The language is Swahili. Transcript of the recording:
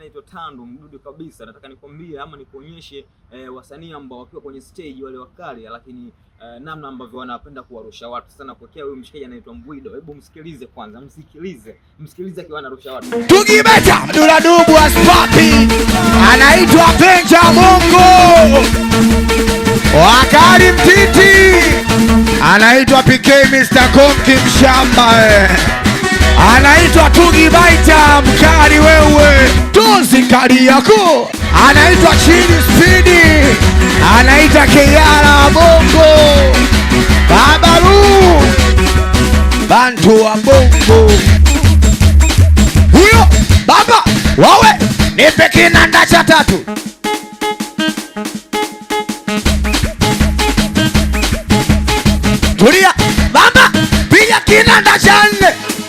Naitwa Tando mdudu kabisa, nataka nikwambie ama nikuonyeshe eh, wasanii ambao wakiwa kwenye stage wale wakali, lakini eh, namna ambavyo wanapenda kuwarusha watu sana. Kuekea huyu mshikaji anaitwa Mbwido, hebu msikilize kwanza, msikilize, msikilize akiwa anarusha watu. Tugibeta Dula Dubu aspapi anaitwa Benja Mungu, wakali mtiti anaitwa PK Mr. Konki mshamba eh. yako. anaitwa chini spidi, anaita Keyala wa Bongo, Babaru bantu wa Bongo. Huyo baba wawe nipe kinanda cha tatu tulia baba, pia kinanda cha nne